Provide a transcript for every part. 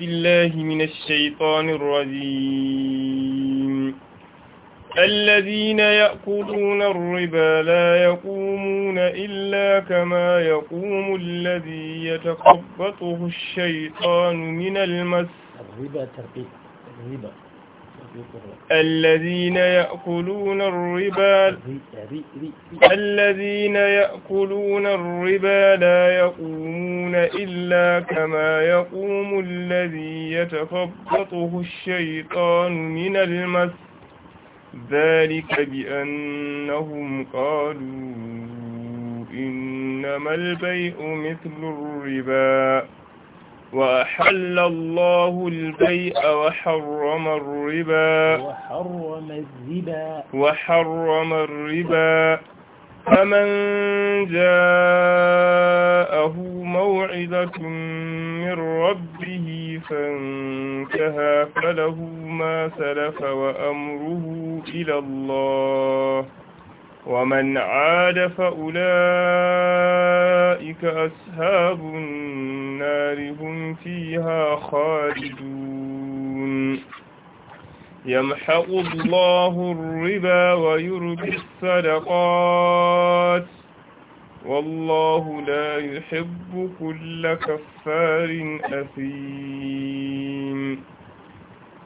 بالله من الشيطان الرجيم الذين يأكلون الربا لا يقومون إلا كما يقوم الذي يتخبطه الشيطان من المس الربا تربية الربا الذين يأكلون الربا الذين يأكلون الربا لا يقومون إلا كما يقوم الذي يتخبطه الشيطان من المس ذلك بأنهم قالوا إنما البيع مثل الربا وأحل الله البيع وحرم الربا وحرم الربا وحرم الربا فمن جاءه موعظة من ربه فانتهى فله ما سلف وأمره إلى الله ومن عاد فأولئك أصحاب النار هم فيها خالدون يمحق الله الربا ويربي الصدقات والله لا يحب كل كفار أثيم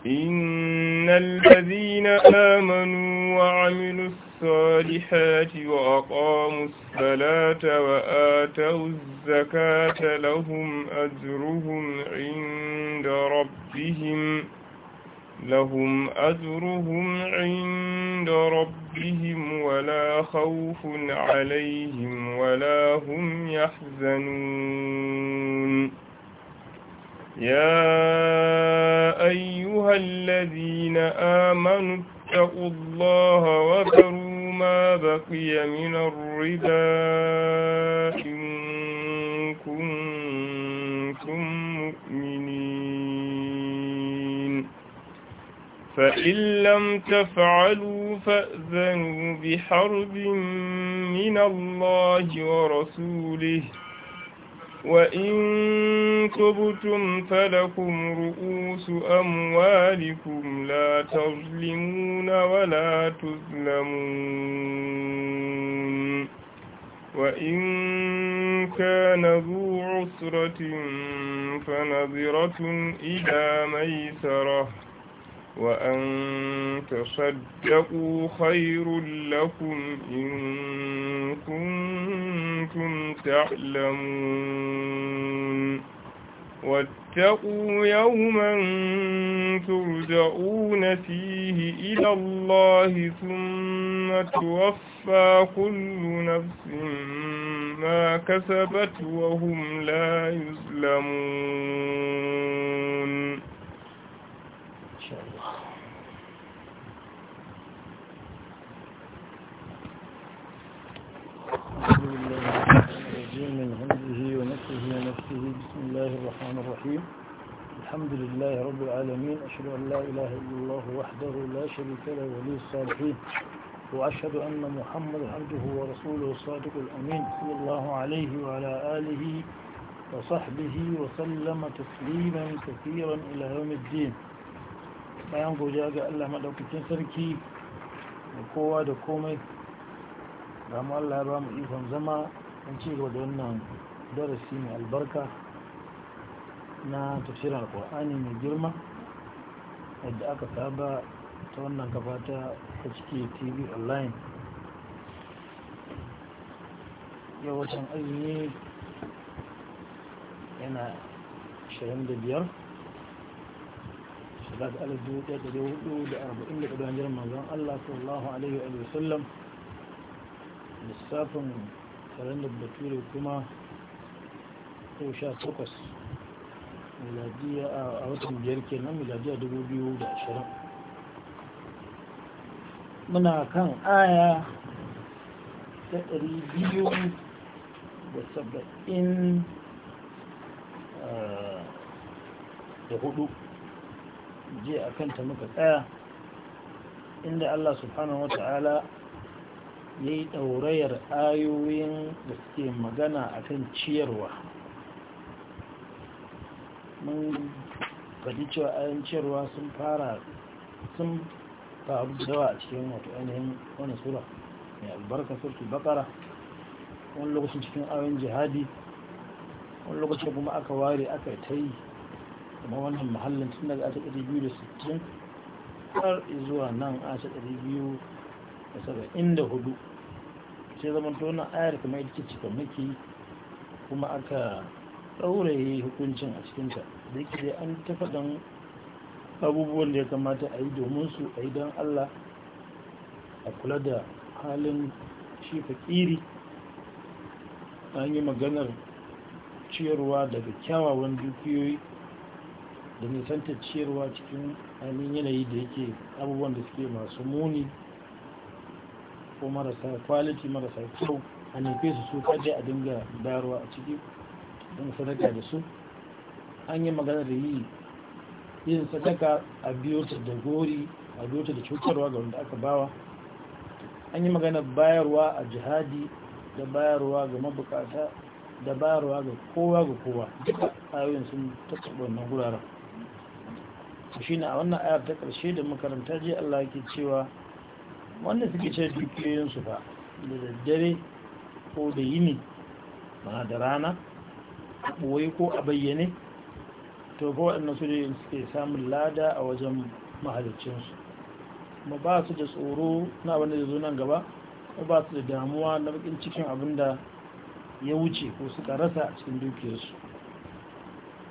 إن الذين آمنوا وعملوا الصالحات وأقاموا الصلاة وآتوا الزكاة لهم أجرهم عند ربهم لهم أجرهم عند ربهم ولا خوف عليهم ولا هم يحزنون يا أيها الذين آمنوا اتقوا الله وذروا ما بقي من الربا إن كنتم مؤمنين فإن لم تفعلوا فأذنوا بحرب من الله ورسوله وإن تبتم فلكم رؤوس أموالكم لا تظلمون ولا تظلمون وإن كان ذو عسرة فنظرة إلى ميسره وأن تصدقوا خير لكم إن كنتم تعلمون واتقوا يوما ترجعون فيه إلى الله ثم توفى كل نفس ما كسبت وهم لا يظلمون الحمد لله رب العالمين أشهد أن لا إله إلا الله وحده لا شريك له ولي الصالحين وأشهد أن محمد عبده ورسوله الصادق الأمين صلى الله عليه وعلى آله وصحبه وسلم تسليما كثيرا إلى يوم الدين ما ينقو جاء الله مدوكتين سركي وقوة دكومي da Allah ya ba mu ikon zama an ci gaba da wannan darasi mai albarka na tafsirin alkur'ani mai girma wadda aka saba ta wannan kafa ta ciki tv online yau watan azumi yana 25 shirar da 1440 da ƙudan jirman zan allah sallallahu alaihi wa sallam lissafin kalandar bature kuma ko sha takwas a watan biyar kenan miladiya dubu biyu da ashirin muna kan aya ta ɗari biyu da saba'in eh, da hudu je a kanta muka tsaya inda Allah subhanahu wa ta'ala ya yi ɗaurayar ayoyin da suke magana a kan ciyarwa mun faɗi cewa ayon ciyarwa sun fara sun faru dawa a cikin wato ainihin wani sura mai albarka sarki bakara wani lokacin cikin ayon jihadi wani lokacin kuma aka ware aka ta yi kuma wannan mahallin tun daga da sittin har zuwa nan ashe biyu. da saba'in da hudu sai zama tona ayar kamar ita cikin maki kuma aka ɗauraye hukuncin a cikinta da yake dai an ta abubuwan da ya kamata a yi domin su a yi don allah a kula da halin shi fakiri an yi maganar ciyarwa daga kyawawan dukiyoyi da nisantar ciyarwa cikin ainihin yanayi da yake abubuwan da suke masu muni ko marasa kwaliti marasa kyau a nufe su su kaje a dinga bayarwa a ciki don sadaka da su an yi magana da yi yin sadaka a biyo ta da gori a biyo ta da cutarwa ga wanda aka bawa an yi magana bayarwa a jihadi da bayarwa ga mabukata da bayarwa ga kowa ga kowa duka ayoyin sun tattaɓa wannan guraren shi ne a wannan ayar ta ƙarshe da makaranta je Allah yake cewa wanda suke ce dukiyoyinsu ba da daddare ko da yini mana da rana a ɓoye ko a bayyane to ba waɗanda su ne suke samun lada a wajen mahalicinsu kuma ba su da tsoro na abin da zo nan gaba ko ba su da damuwa na bakin cikin abinda ya wuce ko suka rasa a cikin dukiyarsu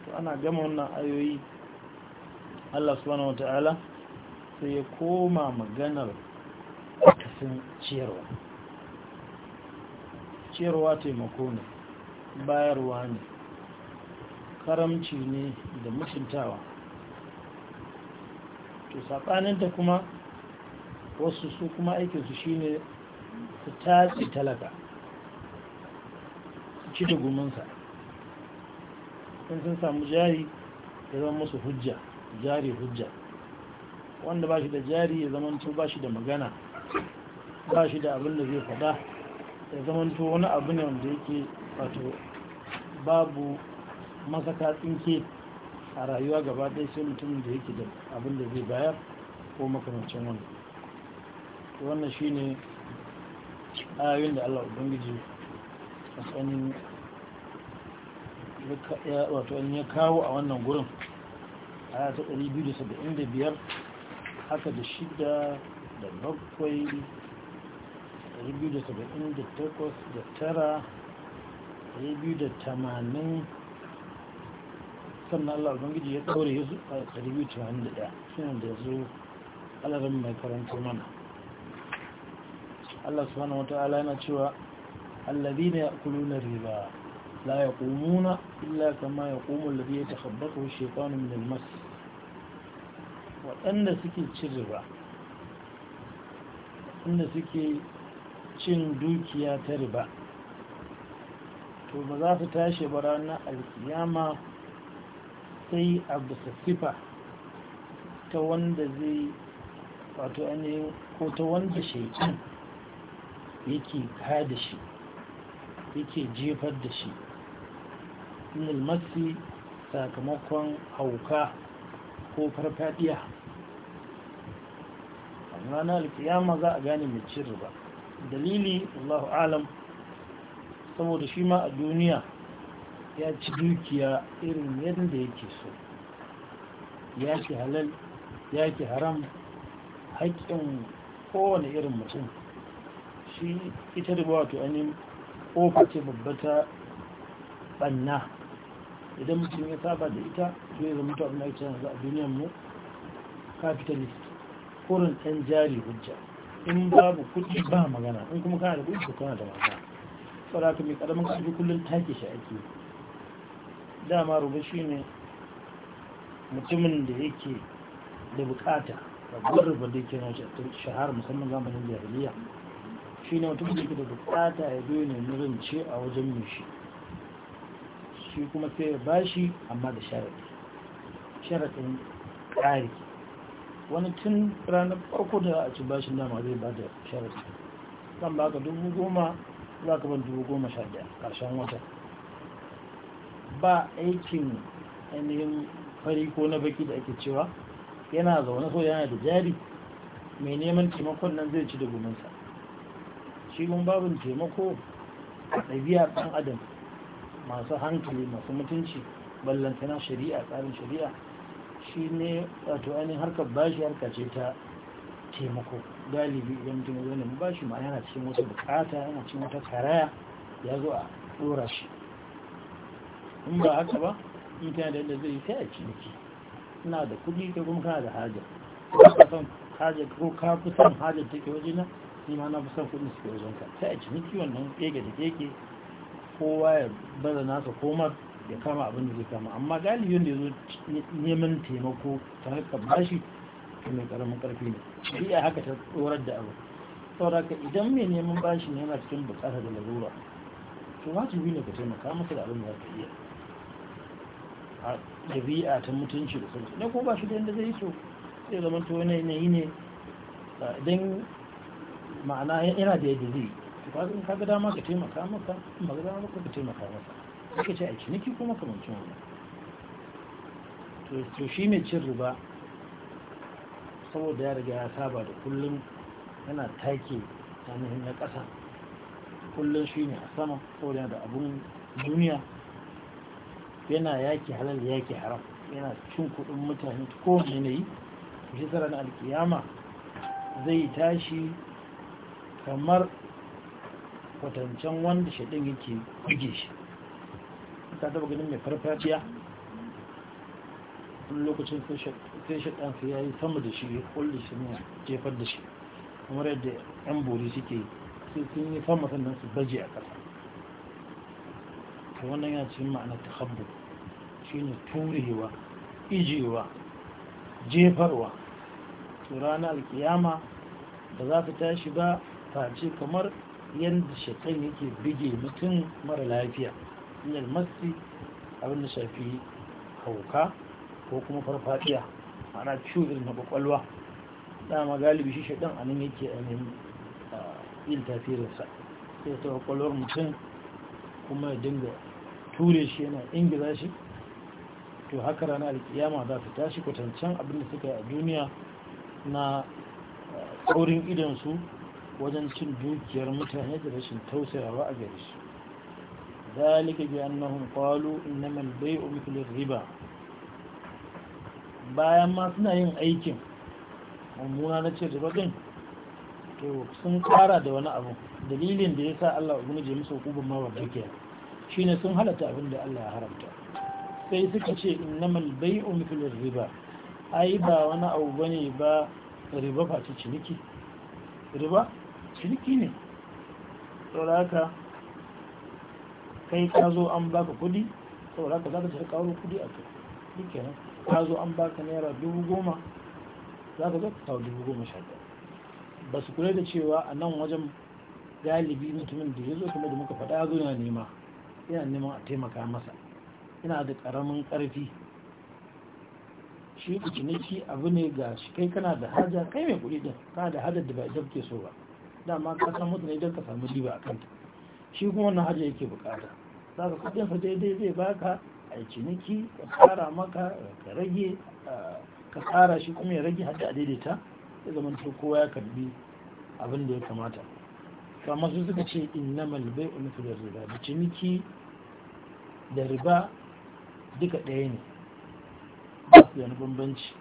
to ana gama wannan ayoyi Allah subhanahu wata'ala sai ya koma maganar batun ciyarwa ciyarwa taimako ne bayarwa ne karamci ne da mutuntawa to saɓanin kuma wasu su kuma aikinsu shine su tatsi talaka su ci da gumansa sun sun samu jari ya zama musu hujja jari hujja wanda ba shi da jari ya zama ba shi da magana ba shi da abin da zai fada ya to wani abu ne wanda yake wato babu masaka tsinke a rayuwa gaba ɗaya sai mutumin da yake da abin da zai bayar ko makamancin wani wannan shi ne ayoyin da allah ubangiji a tsanin wato ya kawo a wannan gurin a ta 275 haka da shida da bakwai 279 sannan allah ubangiji ya ɗaure ya su a 281 suna da zo alarin mai karanta mana allah subhanahu wa ta'ala yana cewa allazi ne ya kulu na riba la ya kumuna illa kama ya kumu allazi ya takabbata wa shekwanu min almas waɗanda suke cin riba waɗanda suke cin dukiya ta riba to ba za su tashi ba ranar alkiyama sai a bisa ta wanda zai wato ainihin ko ta wanda shekin yake kada shi yake jefar da shi nilmasi sakamakon hauka ko farfadiya ranar alkiyama za a gane mai cin riba dalili Allahu alam saboda shi ma a duniya ya ci dukiya irin yadda yake so ya ki halal ya ki haram haƙƙin kowane irin mutum shi ita da wato ainihin ƙofa ce babbata ɓanna idan mutum ya saba da ita to ya zama ta abin da ake yanzu a duniyar mu capitalist kurin ɗan jari hujja in babu kudi ba magana in kuma kana da kuɗi ka kana da magana saboda mai karamin kudi kullum take shi ake dama rubu shi ne mutumin da yake da bukata da rubu da yake nashi shahar musamman zamanin jahiliya shi ne mutumin da yake da bukata ya zo ne nurince a wajen mai shi shi kuma sai ya bashi amma da sharaɗi sharaɗin ƙari wani tun ranar farko da a ci bashin dama zai ba da shawarci zan ba ka dubu goma za ka ban dubu goma sha daya karshen wata ba aikin ainihin fari ko na baki da ake cewa yana zaune so yana da jari mai neman taimakon nan zai ci da guminsa shi mun babin taimako a ɗabi'a ɗan adam masu hankali masu mutunci ballantana shari'a tsarin shari'a shi ne wato ainihin harkar bashi harka ce ta taimako galibi idan mutum ya zo bashi ma yana cikin wata bukata yana cikin wata karaya ya zo a dora shi in ba haka ba in kana da yadda zai sai a ciniki ina da kuɗi ka kuma kana da haja haja ko ka fi son haja take waje na ni ma na fi son kudin suke wajen ka sai a ciniki wannan keke da keke kowa ya baza nasa komar ya kama abin da zai kama amma galibin da ya zo neman taimako ta haka bashi ta mai karamin karfi ne a haka ta tsorar da abu ka idan mai neman bashi ne yana cikin bukata da larura to ta ne ka taimaka masa da abin da ka iya a ɗabi'a ta mutunci da sauransu ne ko ba shi da yadda zai yi to sai zama to wani yanayi ne idan ma'ana yana da yadda zai yi to ka ga dama ka taimaka maka ba ga dama ka taimaka maka aka ce a ciniki kuma makamancin wani to shi mai cin riba saboda ya riga ya saba da kullum yana take ainihin na ƙasa kullum shi ne a sama saboda yana da abun duniya yana yaki halal yaki haram yana cin kuɗin mutane ko yanayi shi tsara na alkiyama zai tashi kamar kwatancen wanda shaɗin yake kuge shi ka taba ganin mai farfaciya wani lokacin sai shi sai ya yi sama da shi ya shi ne jefar da shi kamar yadda yan bori suke sai sun yi sama sannan su baje a ƙasa ta wannan ya ce ma'ana ta habbu shi ne turewa ijewa jefarwa to ranar alkiyama ba za ta tashi ba face kamar yadda shaɗan yake bige mutum mara lafiya minal masi abin da shafi hauka ko kuma farfadiya ana ciwo irin na kwakwalwa dama galibi shi shaɗan a nan yake nan yin tasirinsa sai ta kwakwalwar mutum kuma ya dinga ture shi yana ingiza shi to haka rana da kiyama za su tashi kwatancan abin da suka yi a duniya na tsaurin idonsu wajen cin dukiyar mutane da rashin tausayawa a gare shi ذلك بأنهم قالوا إنما البيع مثل الربا bayan ma suna yin aikin mummuna na cin riba din to sun kara da wani abu dalilin da ya sa Allah ya guje musu hukumar ma wadda ke shine sun halatta abin da Allah ya haramta sai suka ce innamal bai'u mithlu riba ai ba wani abu bane ba riba face ciniki kai ka zo an baka kuɗi saboda haka za ka shiga ƙaro kuɗi a kai shi ka zo an baka naira dubu goma za ka zo ka kawo dubu goma sha ɗaya ba su kula da cewa a nan wajen galibi mutumin da ya zo kuma da muka faɗa zo yana nema yana neman a taimaka masa yana da ƙaramin ƙarfi shi ciniki abu ne ga shi kai kana da haja kai mai kuɗi din kana da hajar da ba ita ke so ba dama ka san mutane idan ka samu riba a kanta shi kuma wannan haja yake bukata za ka daidai zai baka a ciniki ka kara maka ka rage ka kara shi kuma ya rage hada a daidaita ya zama to kowa ya karbi abin da ya kamata kama su suka ce innamal bai ulfi da riba da ciniki da riba duka ɗaya ne ba su yana bambanci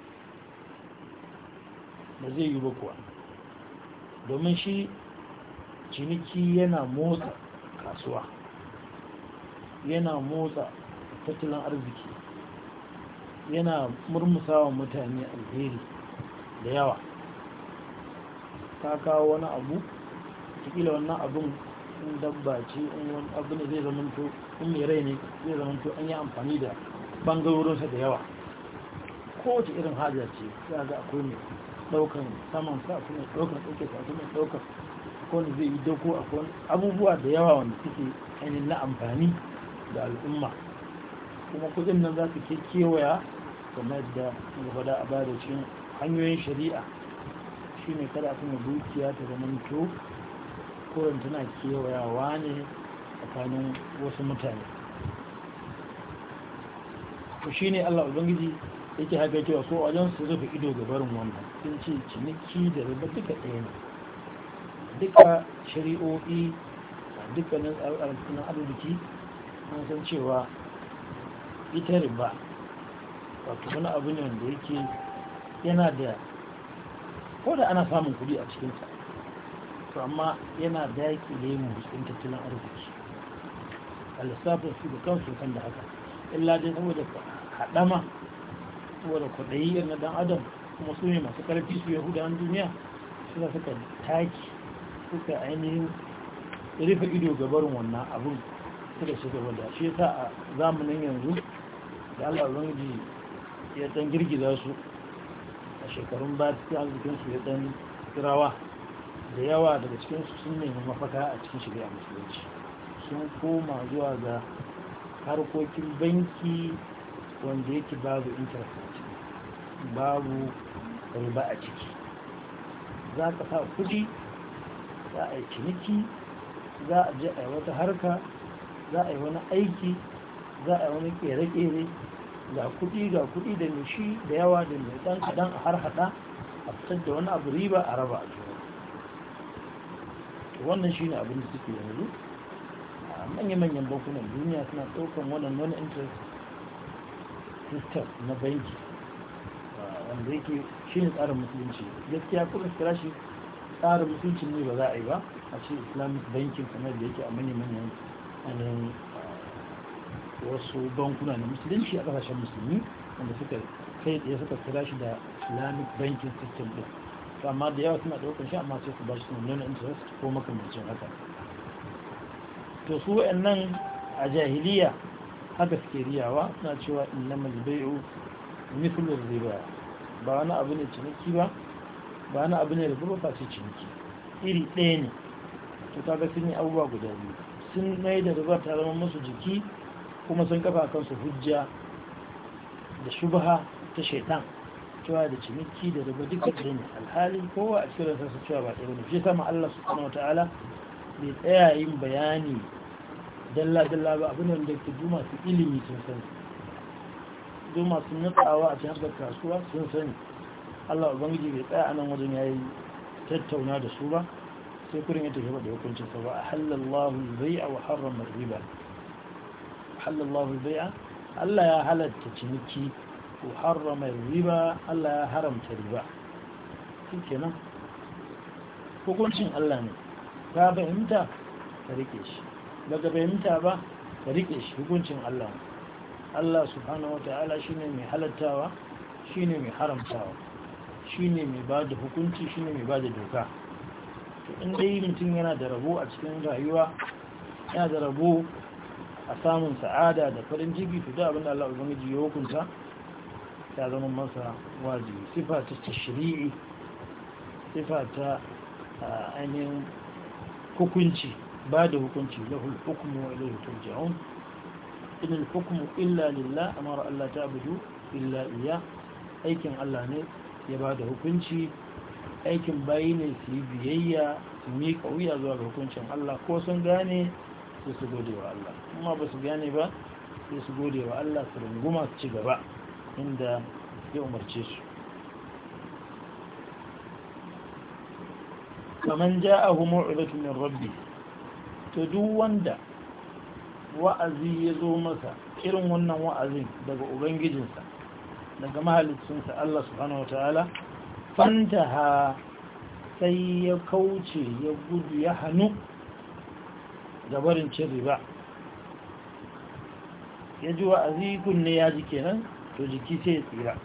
ba zai yi ba kuwa domin shi ciniki yana motsa kasuwa yana motsa tattalin arziki yana murmusawa mutane alheri da yawa ta kawo wani abu tukila wannan abin dabba ce wani abu ne zai zamanto in mai rai ne zai zamanto an yi amfani da bangarorinsa da yawa kowace irin hajjar ce ya ga akwai mai daukan saman sa su mai daukan tsoke sa su mai daukan kone zai yi doko akwai abubuwa da yawa wanda suke ainihin na amfani da al'umma kuma kudin nan za su ke kewaya kamar da gabada a bada cikin hanyoyin shari'a shine kada kuma dukiya ta to koren tana kewayawa ne tsakanin wasu mutane shi shine Allah ubangiji yake haka cewa so wajen su zafi ido ga barin wannan sun ce ciniki da riba duka ɗaya ne duka shari'o'i dukkanin tsararrakin arziki mun san cewa ita riba wato wani abu ne da yake yana da ko da ana samun kudi a cikinsa to amma yana da daƙile mu cikin tattalin arziki a lissafin su da kansu kan da haka illa dai saboda haɗama saboda kwaɗayi na dan adam kuma su ne masu ƙarfi su yahudawan duniya suna suka taki suka ainihin rufe ido gabarin wannan abin da shi gaba da shi yasa a zamanin yanzu da Allah ya dan girgiza su a shekarun ba su arzikin su ya dan kirawa da yawa daga cikinsu su sun nemi mafaka a cikin shirya musulunci sun koma zuwa ga harkokin banki wanda yake babu interest babu riba a ciki za ka sa kudi za a yi ciniki za a je a yi wata harka za a yi wani aiki za a yi wani kere-kere ga kudi ga kudi da nishi da yawa da mai dan kadan a har hada a fitar da wani abu riba a raba a juna wannan shi ne abin da suke yanzu a manya-manyan bankunan duniya suna ɗaukan wannan wani interest system na banki wanda yake ne tsarin musulunci gaskiya kuma kira shi tsarin musulunci ne ba za a yi ba a ce islamic banking kamar da yake a manya-manyan ainihin uh, wasu bankuna na musulunci a kasashen musulmi wanda suka kai da suka kira shi da islamic banking system din to amma da yawa suna daukar shi amma sai su ba shi nuna interest ko makamancin haka to su wayannan a jahiliya haka suke riyawa suna cewa innamal bai'u mithlu riba ba wani abu ne ciniki ba ba wani abu ne da ba ce ciniki iri ɗaya ne to kaga sun yi abubuwa guda biyu sun mai da ribar ta zama musu jiki kuma sun kafa kansu hujja da shubha ta shaitan cewa da ciniki da riba duka ɗaya alhali kowa a cikin rasa cewa ba ɗaya ne shi sama Allah su subhanahu wataala bai tsaya yin bayani dalla dalla ba abin da ke duma su ilimi sun sani duma sun nutsawa a cikin harkar kasuwa sun sani Allah ubangiji bai tsaya a nan wajen yayi tattauna da su ba sai kurin ya tafi da hukuncin sa ba halallahu bai'a wa harrama riba halallahu bai'a Allah ya halatta ciniki wa harrama riba Allah ya haramta riba shikenan hukuncin Allah ne ka fahimta ka rike shi daga fahimta ba ka rike shi hukuncin Allah ne Allah subhanahu shi shine mai halattawa shine mai haramtawa shine mai bada hukunci shine mai bada doka to in dai mutum yana da rabo a cikin rayuwa yana da rabo a samun sa'ada da farin jiki, to da da Allah ya ya hukunta ta zama masa wajibi sifa ta tashri'i sifa ta ainihin hukunci ba da hukunci da hukumu wa ilayhi turja'un in al hukmu illa lillah amara Allah ta'budu illa iya aikin Allah ne ya ba da hukunci aikin bayi ne su yi biyayya su miƙa wuya zuwa ga hukuncin Allah ko sun gane sai su gode wa Allah kuma ba su gane ba sai su gode wa Allah su runguma su ci gaba inda ya umarce su kaman ja'ahu mu'izatu min rabbi ta duk wanda wa'azi ya zo masa irin wannan wa'azin daga ubangijinsa daga mahalicinsa Allah subhanahu wataala fantaha sai ya kauce ya gudu ya hannu da barin cin ba. ya ji wa'azi kunne ya ji kenan to jiki sai tsira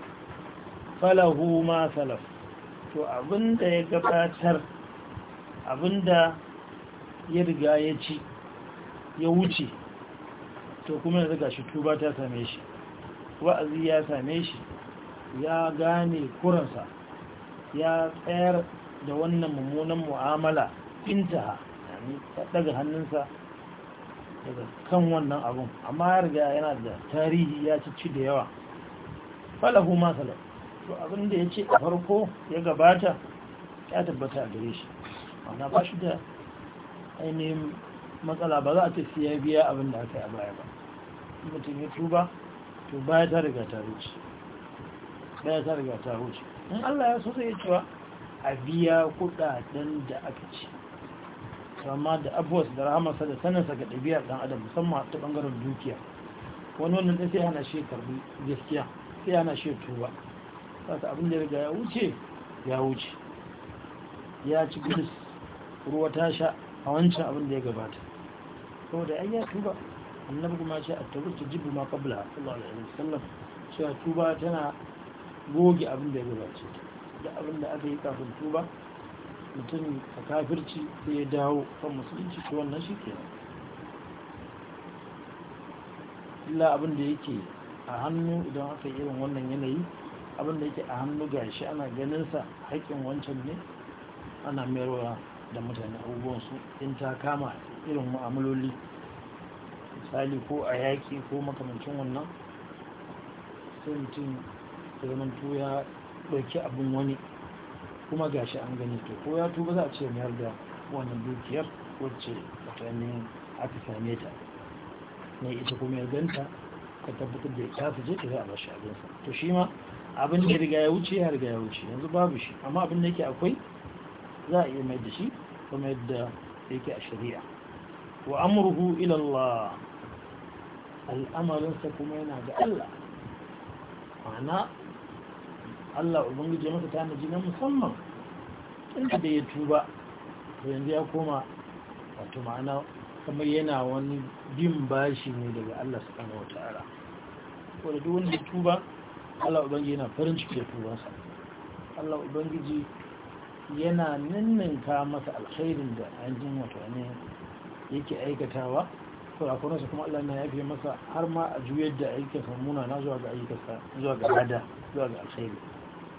falahu ma salaf to abinda ya gabatar abinda ya riga ya ci ya wuce to kuma ya zaga shi tuba ta same shi wa'azi ya same shi ya gane kuransa ya tsayar da wannan mummunan mu'amala intaha ta daga hannunsa daga kan wannan abun amma ya riga yana da tarihi ya ci da yawa falahu masala to abin da ya ce a farko ya gabata ya tabbata a gare shi wana ba shi da ainihin matsala ba za a tafi ya biya abin da aka yi a baya ba mutum ya tuba to baya ta riga ta wuce baya ta riga ta wuce in Allah ya so zai cewa a biya kudaden da aka ci amma da abuwas da rahamarsa da sanarsa ga ɗabi'ar ɗan adam musamman ta ɓangaren dukiya wani wannan ɗan sai ana shi karbi gaskiya sai ana shi tuba ta abin da riga ya wuce ya wuce ya ci gudus ruwa ta sha a wancan abin da ya gabata saboda ai ya tuba annabi kuma ce a tabbata jibu ma qabla sallallahu alaihi wasallam cewa tuba tana goge abin da ya gabace da abin da aka yi kafin tuba mutum a kafirci sai ya dawo kan musulunci ko wannan shi ke illa abin da yake a hannu idan aka yi irin wannan yanayi abin da yake a hannu gashi ana ganin sa haƙƙin wancan ne ana mayarwa da mutane su in ta kama irin mu'amaloli misali ko a yaƙi ko makamancin wannan sai mutum ya tu ya ɗauki abin wani kuma shi an gani to ko ya tuba za a ce mayar da wannan dukiyar wacce tsakanin aka same ta ne ita kuma ya ganta ka tabbatar da ta fi je ta za a bashi abinsa to shi ma abin da riga ya wuce ya riga ya wuce yanzu babu shi amma abin da yake akwai za a iya mai da shi kuma yadda yake a shari'a wa amurhu ilallah al'amarinsa kuma yana ga Allah ma'ana Allah ubangiji masa tanaji na musamman inda da ya tuba to yanzu ya koma wato ma'ana kamar yana wani bin bashi ne daga Allah subhanahu wata'ala ko da duk wanda ya tuba Allah ubangiji yana farin ciki da tubansa Allah ubangiji yana ninninka masa alkhairin da jin wato ne yake aikatawa ko a kuma Allah ya yafe masa har ma a juyar da ayyukansa muna na zuwa ga ayyukansa zuwa ga lada zuwa ga alkhairi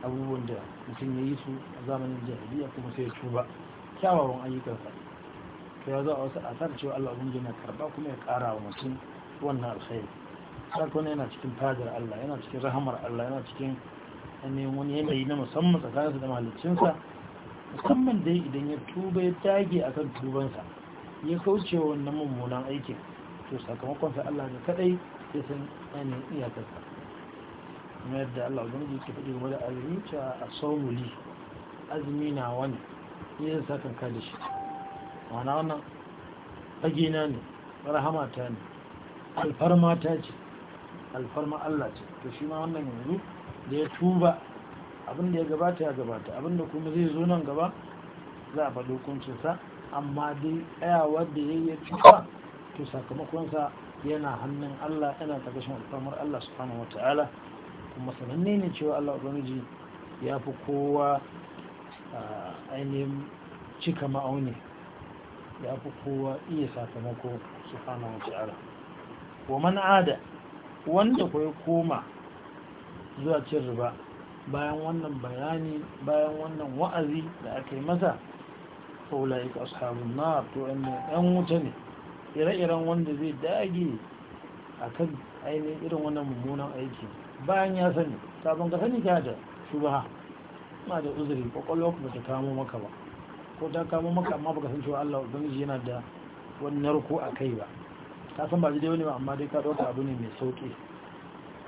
abubuwan da mutum ya yi su a zamanin jahiliya kuma sai ya tuba kyawawan ayyukansa to ya zo a wasu asar cewa Allah ubangiji na karba kuma ya kara wa mutum wannan alkhairi sarko yana cikin fadar Allah yana cikin rahamar Allah yana cikin ainihin wani yanayi na musamman tsakaninsa da mahaliccinsa musamman dai idan ya tuba ya dage akan tubansa ya kauce wannan mummunan aikin to sakamakonsa Allah ne kadai ya san ainihin iyakarsa kamar yadda Allah ubangiji ke faɗi game da azumi a saumuli azumi na wani ne zai sakan ka da shi ma'ana wannan fagina ne rahama ne alfarma ta ce alfarma Allah ce to shi ma wannan yanzu da ya tuba abinda ya gabata ya gabata abinda kuma zai zo nan gaba za a faɗi hukuncinsa amma dai tsayawa da ya yi tuba to sakamakonsa yana hannun Allah yana ƙarƙashin alfarmar Allah subhanahu wa ta'ala kuma sananne ne cewa Allah ubangiji ya fi kowa ainihin cika ma'auni ya fi kowa iya sakamako su hana wace ara mana ada wanda kwaye koma zuwa cin riba bayan wannan bayani bayan wannan wa'azi da aka yi masa faulayi ka na to yan wuta ne ire-iren wanda zai dage a kan ainihin irin wannan mummunan aiki bayan ya sani sabon ka sani kyada da shubaha ma da uzuri kwakwalwa ba ta kamo maka ba ko ta kamo maka amma baka san cewa Allah ubangiji yana da wani narko a kai ba ka san ba dai wani ba amma dai ka dauka abu ne mai sauki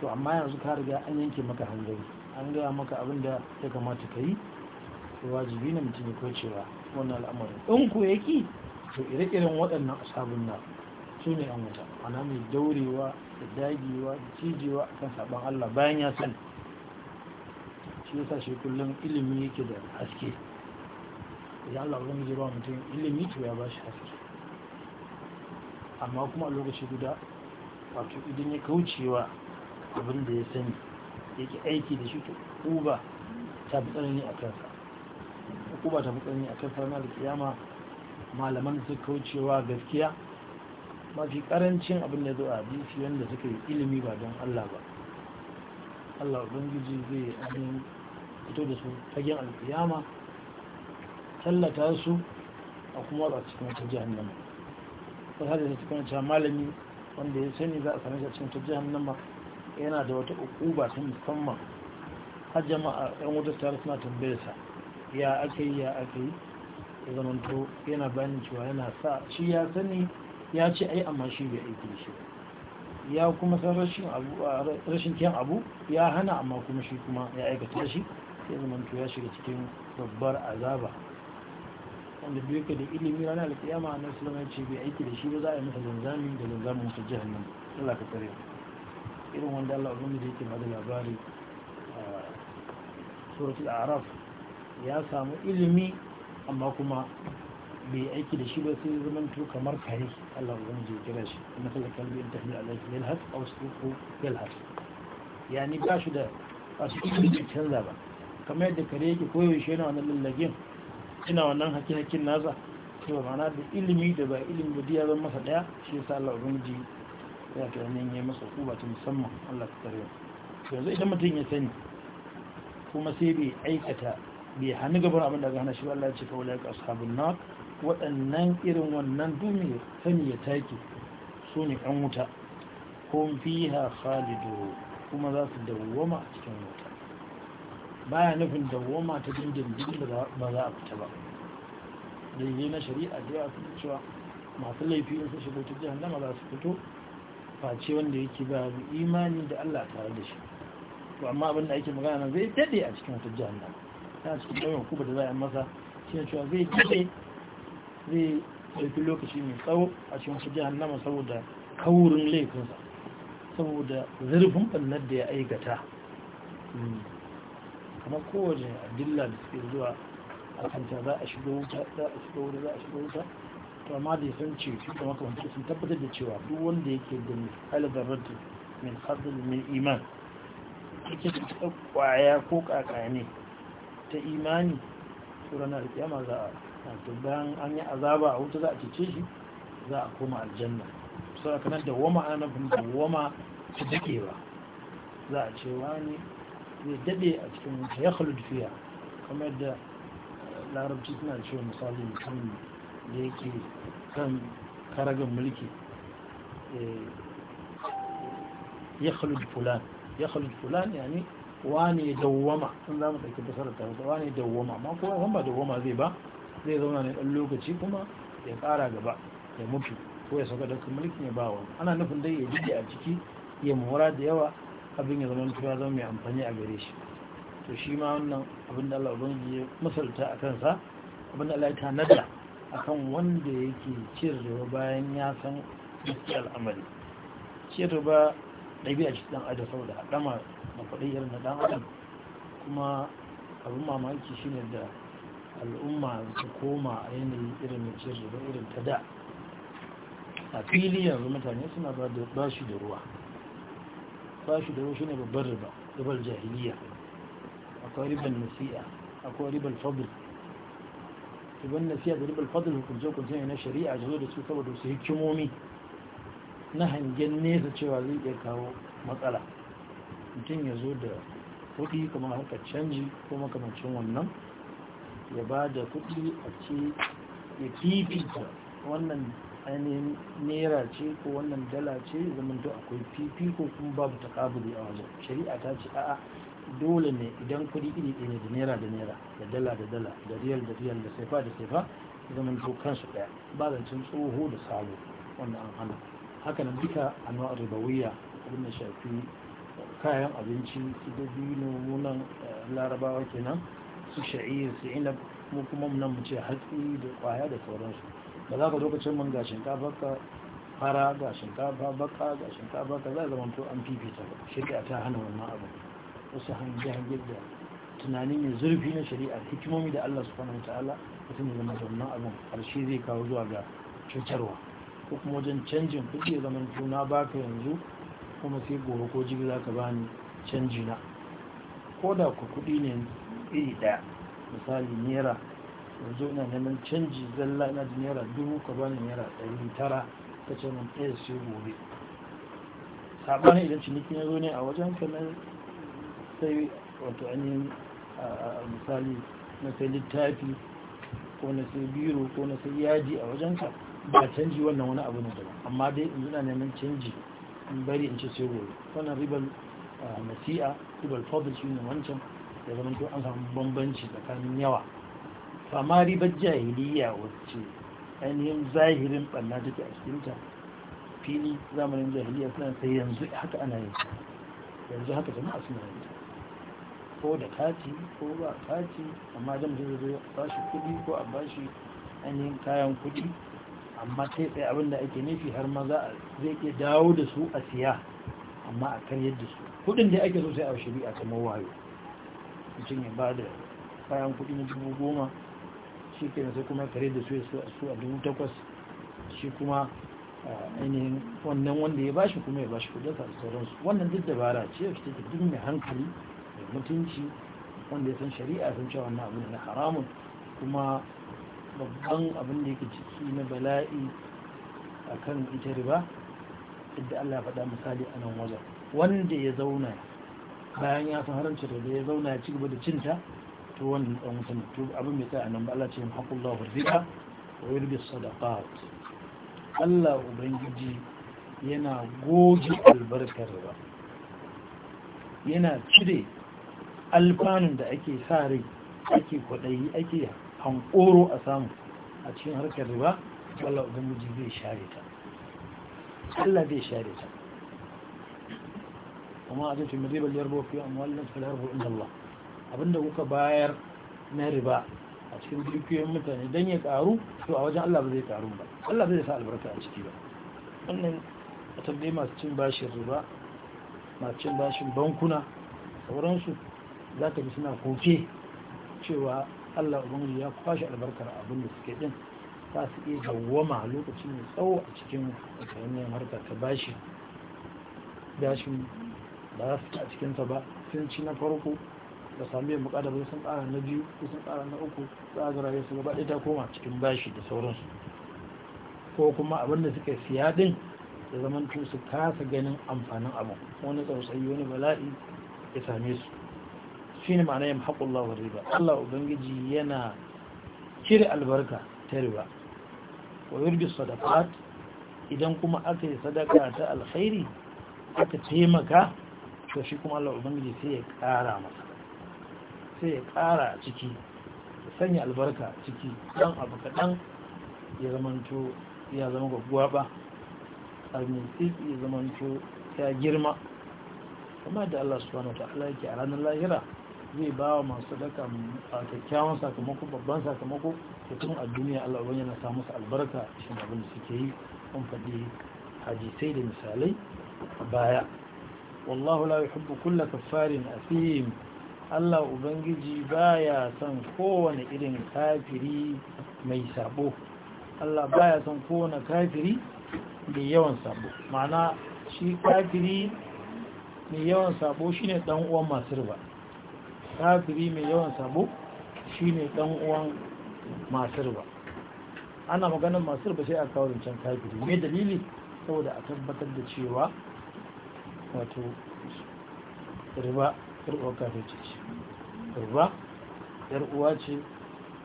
to amma yanzu ka riga an yanke maka hanzari an gaya maka abin da ya kamata ka yi wajibi na mutum ya kwacewa wannan al'amarin in ya yaki to ire-iren waɗannan asabun nan su ne yan wata ana mai daurewa da dagewa da cijewa a kan sabon Allah bayan ya sani shi yasa shi kullum ilimi yake da haske idan Allah wani zai ba mutum ilimi to ya ba shi haske amma kuma lokaci guda wato idan ya kaucewa abin da ya sani yake aiki da shi to kuba ta fi tsanani a kansa uba ta fi tsanani a kansa na da kiyama malaman da suka kaucewa gaskiya mafi karancin abin da zo a hadisi wanda suka yi ilimi ba don Allah ba Allah ubangiji zai abin fito da su fagen alkiyama tallata su a kuma a cikin wata jihannama ko hada da cikin wata malami wanda ya sani za a sanar da cikin wata jihannama yana da wata uku ba ta musamman har jama'a yan wutar tare suna tambayar sa ya aka yi ya aka yi ya zamanto yana bayanin cewa yana sa shi ya sani ya ce ai amma shi bai aiki da shi ya kuma san rashin kyan abu ya hana amma kuma shi kuma ya aikata shi sai to ya shiga cikin babbar azaba wanda duk da ilimi ranar alƙiyama na sulama ce bai aiki da shi ba za a yi masa zanzami da zanzamin wasu jahannam Allah ka tsare irin wanda Allah ubangiji da yake bada labari a suratul araf ya samu ilimi amma kuma bai aiki da shi ba sai zaman to kamar kare Allah ya zama jirgin shi kuma sai kalbi in tahmil alaihi yalhas aw suku yalhas yani ba shi da a su da canza ba kamar yadda kare yake koyaushe yana wannan lallagin ina wannan hakin hakin nasa to ba ma'ana da ilimi da ba ilimi ba diya zan masa daya shi yasa Allah ya zama ya ta yanin ya masa kuba ta musamman Allah ta kare yanzu idan mutum ya sani kuma sai bai aikata bai hannu gaban abin da ga hana shi ba Allah ya ce kawai ya ka ashabun nawa. waɗannan irin wannan dumi sani ya take su ne ɗan wuta kun da khalidu kuma za su dawwama a cikin wuta baya nufin dawwama ta dindindin da ba za a fita ba daidai na shari'a da ya fi cewa masu laifi su shigo ta dama za su fito face wanda yake ba imani da Allah tare da shi to amma abin da ake magana zai dade a cikin wata nan ta cikin ɗauyin kuma da za a masa shi ne cewa zai daɗe. zai ɗauki lokaci mai tsawo a cikin wasu jihannama saboda kawurin laifinsa saboda zurfin ɓannar da ya aikata kamar kowace adilla da suke zuwa a kanta za a shiga wuta za a shiga wuta za a shiga wuta to amma da ya san ce su da makamanci sun tabbatar da cewa duk wanda yake da misalar radu min hadal mai iman yake da kwaya ko kakane ta imani to ranar kiyama za a wato bayan an yi azaba a wuta za a cece shi za a koma aljanna sau aka nan da wama ana da wama ta daɗewa za a ce wani zai daɗe a cikin wuta ya fiya kamar yadda eh, larabci suna cewa misali mutum da yake kan karagan mulki eh, ya khalud fulan ya khalud fulan yani wani dawwama sun za mu ɗauki fasar ta wani dawwama ma kuma ba dawwama zai ba zai zauna ne ɗan lokaci kuma ya ƙara gaba ya mutu ko ya saka dukkan mulkin ya bawa ana nufin dai ya jide a ciki ya mora da yawa abin ya zama tura zama mai amfani a gare shi to shi ma wannan abin da Allah ubangiji ya misalta a kansa abin da Allah ya tanada akan wanda yake cirewa bayan ya san gaskiya al'amari cirewa ɗabi'a ce ɗan adam saboda haɗama da kwaɗayyar na ɗan adam kuma abin mamaki shine da al'umma ta koma a yanayi irin mace da irin ta da a fili yanzu mutane suna ba shi da ruwa ba shi da ruwa shi ne babbar riba ribar jahiliya akwai ribar nasi'a akwai ribar fadl ribar nasiya da ribar fadl hukunce-hukunce ne na shari'a jazo zo da su saboda su hikimomi na hangen nesa cewa zai iya kawo matsala mutum ya zo da kuɗi kamar harkar canji ko makamancin wannan ya ba da kuɗi a ce ya fifita wannan ainihin naira ce ko wannan dala ce zaman to akwai fifiko kuma babu kabuli a wajen shari'a ta ce a'a dole ne idan kudi iri ɗaya da naira da naira da dala da dala da riyal da riyal da saifa da saifa zaman to kansu ɗaya ba zancen tsoho da sabo wanda an hana haka nan duka anwa ribawiya abin da shafi kayan abinci su da munan eh, larabawa kenan su sha'ir su ina mu kuma muna mu ce hatsi da kwaya da sauransu ba za ka lokacin man ga shinkafa ka fara ga shinkafa baka ga shinkafa ka za zama to an fifita shirya ta hana wannan abu wasu hange-hange da tunani mai zurfi na shari'a hikimomi da Allah subhanahu wa ta'ala mutum ya zama wannan abin karshe zai kawo zuwa ga cutarwa ko kuma wajen canjin kuɗi ya zama na baka yanzu kuma sai gobe ko jibi za ka bani canji na ko da ku kuɗi ne iri daya misali naira yanzu ina neman canji zalla na da naira dubu ka bani naira ɗari tara ta ce mun ɗaya su gobe saɓanin idan ciniki ya zo ne a wajen ka na sai wato ainihin misali na sai littafi ko na sai biro ko na sai yaji a wajen ka ba canji wannan wani abu ne daban amma dai yanzu ina neman canji in bari in ci sai gobe wannan ribar nasi'a ribar fadl shi ne wancan ya zama to an samu bambanci tsakanin yawa amma ribar jahiliya wacce ainihin zahirin ɓanna take a ta fili zamanin jahiliya suna sai yanzu haka ana yin yanzu haka jama'a suna yin ko da kati ko ba kati amma jan zai zai ba shi kuɗi ko a ba shi ainihin kayan kuɗi amma kai tsaye abin da ake nufi har ma za a zai iya dawo da su a siya amma a kan yadda su kuɗin da ake so sai a shari'a kamar wayo mutum ya ba da kayan kuɗi na dubu goma shi ke kuma kare da su ya su a dubu takwas shi kuma ainihin wannan wanda ya bashi kuma ya bashi kudin sa da sauransu wannan duk dabara ce ya fita duk mai hankali mai mutunci wanda ya san shari'a sun cewa wannan abu na haramun kuma babban abin da yake ciki na bala'i akan ita riba idda Allah ya faɗa misali a nan wajen wanda ya zauna bayan ya san haramci da ya zauna ya ci gaba da cinta to wannan dan wuta to abin mai tsaya nan ba Allah ce haqullahu rizqa wa yurbi sadaqat Allah ubangiji yana goge albarkar ba yana cire alfanun da ake sa rai ake ake hankoro a samu a cikin harkar riba Allah ubangiji zai share ta Allah zai share ta kuma a cikin riba yarbo fi amwal na su harfu inda Allah abinda kuka bayar na riba a cikin dukiyoyin mutane dan ya karu to a wajen Allah ba zai karu ba Allah zai sa albarka a ciki ba wannan a tambaye masu cin bashin riba masu cin bashin bankuna sauransu za ka ji suna koke cewa Allah ubangiji ya kwashe albarkar abin da suke din za su iya dawwama lokaci mai tsawo a cikin hanyar harka ta bashi bashin ba za su ta cikinsa ba sun ci na farko da sami yin bukata bai sun tsara na biyu ko sun tsara na uku za a zara su gaba ɗaya ta koma cikin bashi da sauransu ko kuma abin da suka siya din da zaman su kasa ganin amfanin abu wani tsautsayi wani bala'i ya same su shi ne ma'ana yin haƙullah wa riba allah ubangiji yana cire albarka ta riba wa yurbi sadaqat idan kuma aka yi sadaka ta alkhairi aka taimaka to shi kuma Allah ubangiji sai ya ƙara masa sai ya ƙara ciki sanya albarka ciki ɗan abu kaɗan ya zamanto ya zama gwagwa ba almintsi ya zamanto ya girma kuma da Allah subhanahu ta'ala yake a ranar lahira zai ba wa masu sadaka kyakkyawan sakamako babban sakamako da tun a duniya Allah ubangiji yana samu su albarka shi abin da suke yi kun faɗi hadisai da misalai a baya wallahu la yuhibbu kulla kaffarin asim Allah ubangiji baya son kowane irin kafiri mai sabo Allah baya son kowane kafiri mai yawan sabo ma'ana shi kafiri mai yawan sabo shine dan uwan masirba. kafiri mai yawan sabo shine dan uwan masirba. ana maganar masirba sai a kawo rancen kafiri me dalili saboda a tabbatar da cewa wato riba yar kafirci ce riba uwa ce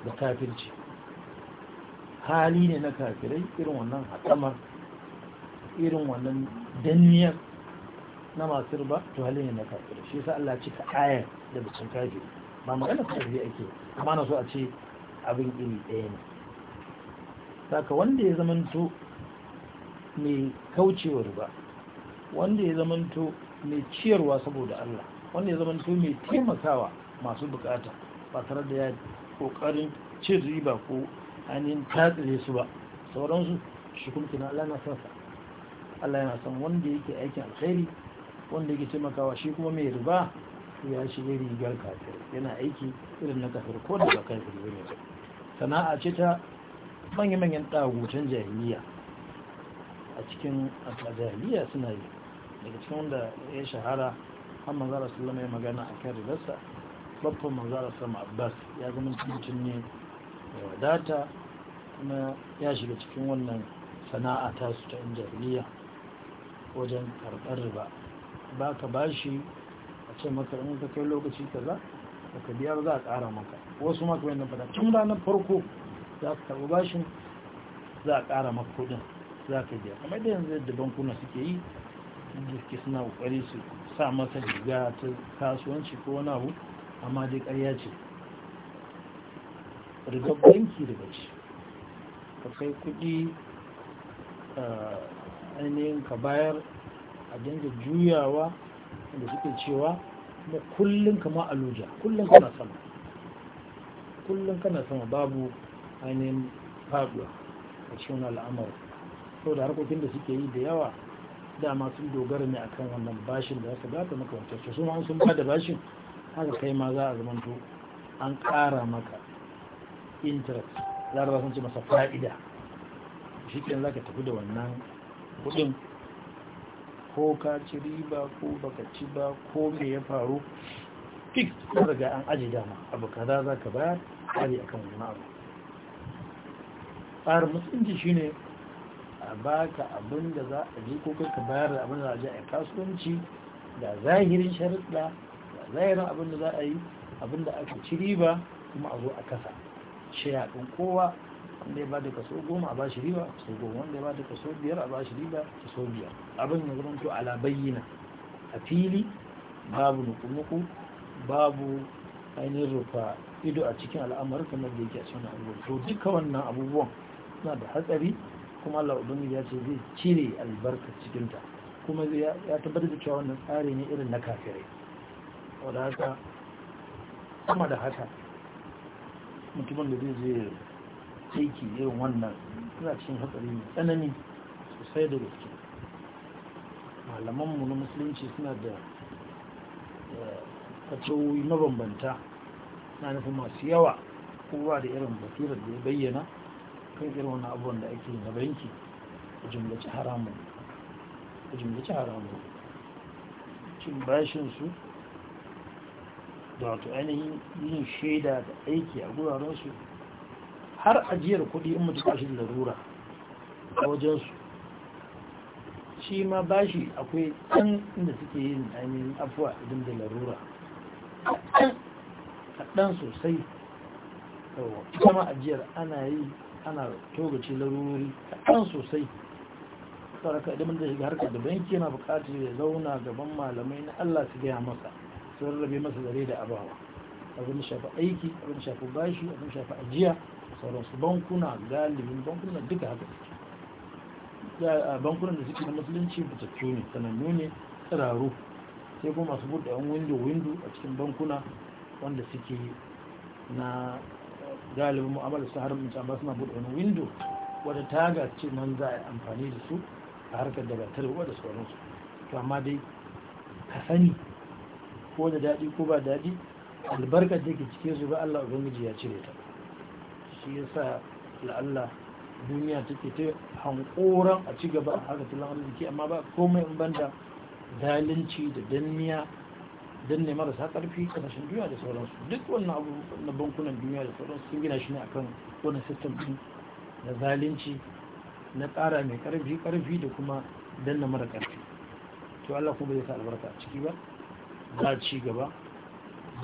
da kafirci hali ne na kafirai irin wannan hakamar irin wannan danniyar na masu riba to hali ne na kafirai shi yasa Allah cika ayar da bacin kafiri ba magana kafirai ake amma na so a ce abin iri ɗaya ne saka wanda ya zamanto mai kaucewa riba wanda ya zamanto mai ciyarwa saboda Allah wanda ya zamanto mai taimakawa masu bukata ba tare da ya kokarin cin riba ko ainihin tatsire su ba sauransu shi kuma kina Allah na san Allah yana san wanda yake aikin alkhairi wanda yake taimakawa shi kuma mai riba ya shiga rigar kafir yana aiki irin na kafir ko da ba kafir bane sana'a ce ta manya-manyan ɗagutan jahiliya a cikin jahiliya suna yi daga cikin wanda ya shahara har manzara sallama ya magana a kan rigarsa babban manzara sallama abbas ya zama cikin ne da wadata kuma ya shiga cikin wannan sana'a ta su ta injiniya wajen karɓar riba ba ka bashi a ce maka in ka kai lokaci kaza ba ka biya ba za a ƙara maka wasu maka wani fata tun ranar farko za ka karɓi bashin za a ƙara maka kuɗin za ka biya kamar da yanzu yadda bankuna suke yi jirki suna kokari su sa masa riga ta kasuwanci ko wani abu amma dai ƙarya ce riga banki da bace ka kai kuɗi eh, ainihin ka bayar a dinga juyawa da suke cewa kuma kullum kama aluja kullum kana sama kullum kana sama babu ainihin faduwa a cikin al'amarin sau da harkokin da suke yi da yawa dama sun dogara ne akan wannan bashin da aka gata maka wacce su ma sun bada bashin haka kai ma za a zamanto an kara maka interest laraba sun ce masa fa'ida shi kenan za tafi da wannan kuɗin ko ka ci riba ko baka ci ba ko me ya faru fix ko daga an aji dama abu kaza za ka bayar kare akan wannan abu tsarin mutunci shine a baka abin da za a ji ko ka bayar da abin da za a ji a kasuwanci da zahirin sharuɗa da zahirin abin da za a yi abin da aka ci riba kuma a zo a kasa ya ɗin kowa wanda ya bada kaso goma a ba shi riba kaso goma wanda ya bada kaso biyar a ba shi riba kaso biyar abin da zama to ala bayyana a fili babu nuku-nuku babu ainihin rufa ido a cikin al'amari kamar da yake a cikin al'amari to duka wannan abubuwan suna da hatsari kuma Allah ubangiji ya ce zai cire albarka cikin ta kuma ya tabbatar da cewa wannan tsari ne irin na kafirai wanda haka kuma da haka mutumin da zai je aiki irin wannan suna cikin hatsari mai tsanani sosai da gaske malamanmu na musulunci suna da eh, facoyi mabambanta na nufin masu yawa kowa da irin basirar da ya bayyana kan irin wani abubuwan da ake na banki a jimlaci haramun a jimlaci haramun cin bashinsu da wato ainihin yin shaida da aiki a gurarensu har ajiyar kudi in mutu bashi da larura a wajensu shi ma bashi akwai ɗan inda suke yin ainihin afuwa idan da larura kaɗan sosai yawa ita ajiyar ana yi ana togace larurori kan sosai saraka idan da shiga harkar da banki yana bukatar ya zauna gaban malamai na Allah su gaya masa sun rabe masa zare da abawa abin shafa aiki abin shafa bashi abin shafa ajiya sauransu bankuna galibin bankuna duka haka suke bankunan da suke na musulunci fitattu ne sanannu ne tsiraru sai kuma masu buɗe yan windo windo a cikin bankuna wanda suke na galibin mu'amalar su har mutu amma suna buɗe wani windo wata taga ce nan za a yi amfani da su a harkar da batar da sauransu to amma dai ka sani ko da daɗi ko ba daɗi albarkar da ke cike su ga Allah ubangiji ya cire ta shi sa la'alla duniya take ta hankoran a ci gaba a harkar tattalin amma ba komai in banda zalunci da danniya danne marasa karfi kamashin duniya da sauransu duk wannan abu na bankunan duniya da sauransu sun gina shi ne akan wani sistem din na zalunci na ƙara mai karfi karfi da kuma na mara karfi to Allah kuma zai sa albarka a ciki ba ba ci gaba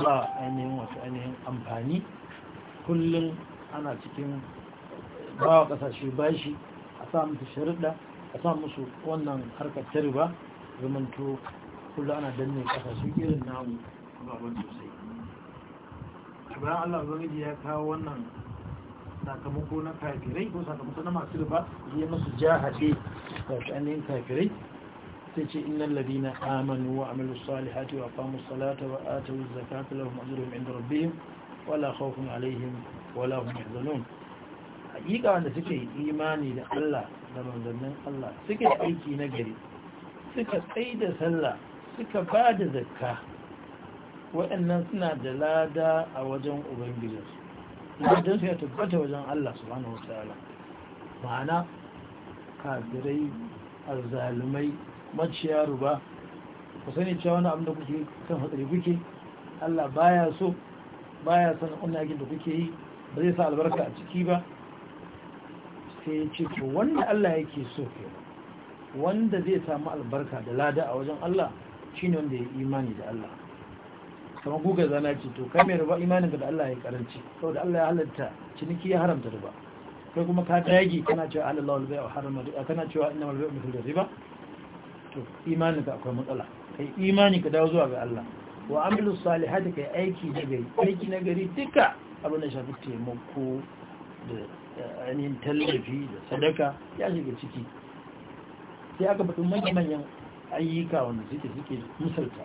ba ainihin wasu ainihin amfani kullum ana cikin bawa wa kasashe bashi a sa musu sharuɗa a sa musu wannan harkar ta riba zamanto kula ana danne kasa su irin namu babban sosai bayan allah ubangiji ya kawo wannan sakamako na kafirai ko sakamako na masu riba ya masu jahace da shanin kafirai sai ce innal ladina amanu wa amilu salihati wa aqamu salata wa atu zakata lahum ajrun inda rabbihim la khawfun alaihim la hum yahzanun hakika wanda suke imani da Allah da manzannin Allah suke aiki na gari suka da sallah suka ba da zakka waɗannan suna da lada a wajen ubangijinsu ladan su ya tabbata wajen Allah subhanahu wataala ma'ana kafirai azzalumai maciya ruba ku sani cewa wani abin da kuke kan hatsari kuke Allah baya so baya san wani yakin da kuke yi ba zai sa albarka a ciki ba sai ya ce to wanda Allah yake so ke wanda zai samu albarka da lada a wajen Allah shine wanda ya imani da Allah kamar guga zana ce to kai mai ruba imanin da Allah ya karanci saboda Allah ya halatta ciniki ya haramta riba kai kuma ka dage kana cewa Allah wal bai'u harama riba kana cewa innamal bai'u mithlu riba to imanin ka akwai matsala kai imani ka dawo zuwa ga Allah wa amilu salihati kai aiki na gari aiki na gari duka abin da shafi taimako da eh, ainihin tallafi da sadaka ya shiga ciki sai aka batun manyan ayyuka wanda suke suke musulta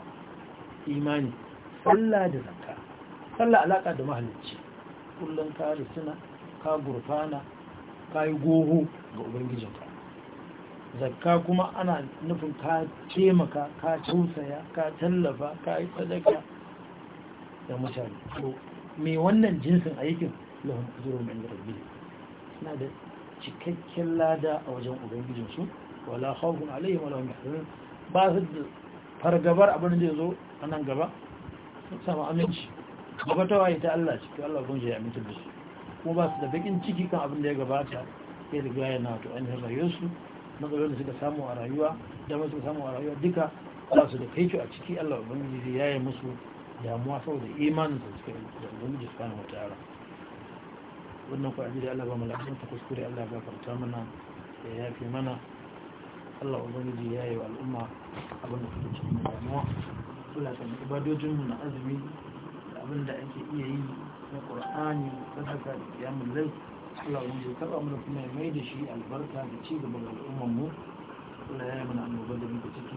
imani sallah da zakka sallah alaka da mahalicci kullum ka risina ka gurfana ka yi goho ga ubangijinka zakka kuma ana nufin ka taimaka ka tausaya ka tallafa ka yi sadaka da mutane to me wannan jinsin aikin lahum ajrun min rabbih suna da cikakken lada a wajen ubangijinsu wala khawfun alaihim wala hum yahzanun ba su fargabar abin da ya zo a nan gaba sun samu aminci gaba ta waye ta Allah ciki Allah kun shi ya aminta da su kuma ba su da bakin ciki kan abin da ya gabata ya riga na wato ainihin rayuwarsu matsalolin da suka samu a rayuwa da masu samu a rayuwa duka ba su da kaito a ciki Allah ubangiji ya yi musu damuwa saboda imanin da suka yi da ubangiji su kana wata ara wannan kwaji da Allah ba mu lafiya ta kuskure Allah ya gafarta mana ya yafe mana Allah ubangiji ya yi wa al'umma abin da cikin damuwa sulatan ibadojinmu na azumi da abinda ake iya yi na ƙur'ani sadaka da kiyamun lai Allah ubangiji ya karɓa mana kuma ya mai da shi albarka da ci gaba ga al'ummarmu Allah ya yi mana annoba da muka ciki